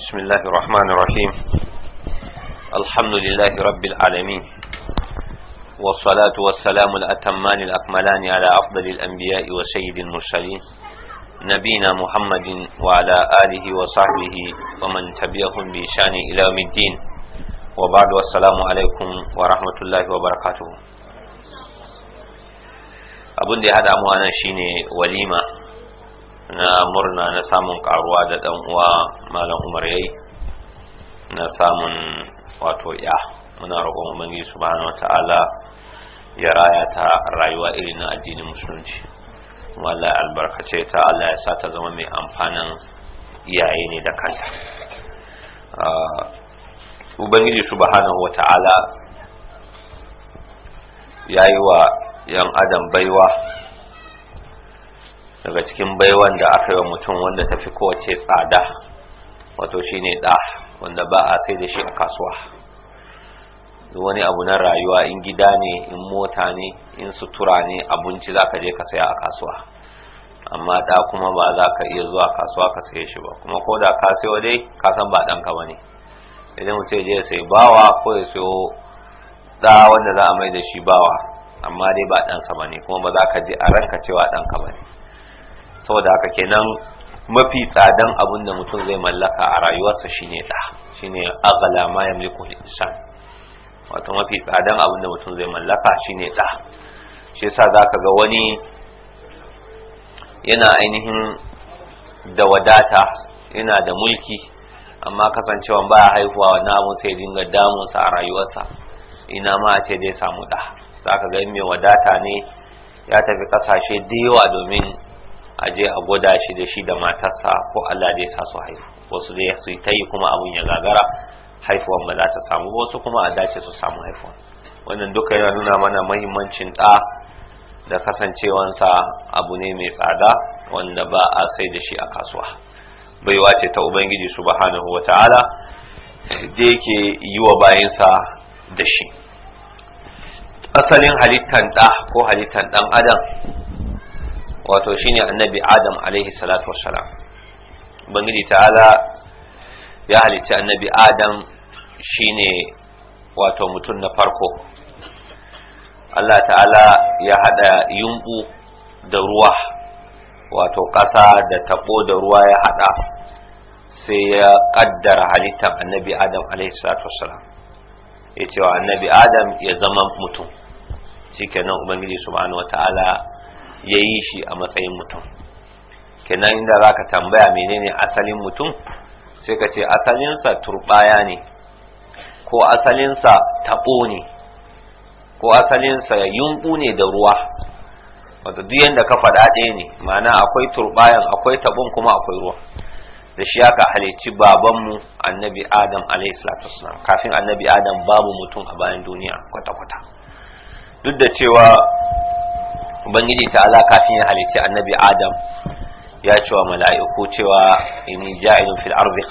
بسم الله الرحمن الرحيم الحمد لله رب العالمين والصلاة والسلام الأتمان الأكملان على أفضل الأنبياء وسيد المرسلين نبينا محمد وعلى آله وصحبه ومن تبعهم بإشان إلى يوم الدين وبعد والسلام عليكم ورحمة الله وبركاته أبن دي هذا أموانا شيني وليمة na murna na samun karuwa da dan uwa malam umar yayi na samun wato ya muna roƙon ubangi subhanahu ta'ala ya raya ta rayuwa irin na addinin musulunci kuma Allah albarkace ta Allah ya sa ta zama mai amfanin iyaye ne da kanta ah, ubangiji subhanahu ta'ala ya yi wa yan adam baiwa daga cikin baiwan da aka yi wa mutum wanda ta fi kowace tsada wato shine ɗa wanda ba a sai da shi a kasuwa wani abu na rayuwa in gida ne in mota ne in sutura ne abinci za ka je ka saya a kasuwa amma ɗa kuma ba za ka iya zuwa kasuwa ka saye shi ba kuma ko da ka sayo dai ka san ba ɗanka ba ne idan mutum je sai bawa ko ya sayo ɗa wanda za a mai da shi bawa amma dai ba ɗansa ba ne kuma ba za ka je a ranka cewa ɗanka ba ne saboda haka kenan mafi tsadan abin da mutum zai mallaka a rayuwarsa shine da shine agala ma yamliku wato mafi tsadan abun da mutum zai mallaka shine da shi yasa zaka ga wani yana ainihin da wadata yana da mulki amma kasancewa ba ya haihuwa wa namun sai dinga damunsa a rayuwarsa ina ma a ce dai samu da zaka ka ga mai wadata ne ya tafi kasashe da yawa domin a je a gwada shi da shi da matarsa ko Allah zai sa su haifu wasu dai su yi ta yi kuma abun ya gagara haifuwan ba za ta samu ba wasu kuma a dace su samu haifuwa wannan duka yana nuna mana mahimmancin ɗa da kasancewansa abu ne mai tsada wanda ba a sai da shi a kasuwa baiwa ce ta ubangiji subhanahu wa ta'ala da yake yi wa bayansa da shi asalin halittan ɗa ko halittan ɗan adam wato shine annabi adam alaihi salatu wassalam ubangiji ta'ala ya halicci annabi adam shine wato mutum na farko Allah ta'ala ya hada yumbu da ruwa wato ƙasa da tabo da ruwa ya hada sai ya kaddara halittar annabi adam alaihi salatu wassalam ya ce wa annabi adam ya zama mutum shikenan ubangiji subhanahu ta'ala. ya yi shi a matsayin mutum kenan inda za ka tambaya menene asalin mutum sai ka ce asalinsa turbaya ne ko asalinsa taɓo ne ko asalinsa yumɓu ne da ruwa Wata duk yadda ka faɗa ɗaya ne ma'ana akwai turbayan akwai taɓon kuma akwai ruwa da shi aka halicci babanmu annabi adam kafin annabi adam babu mutum a bayan duniya kwata-kwata duk da cewa ubangiji ala kafin ya halicci annabi adam ya ce wa mala'iku cewa inni ja'ilun fil ardi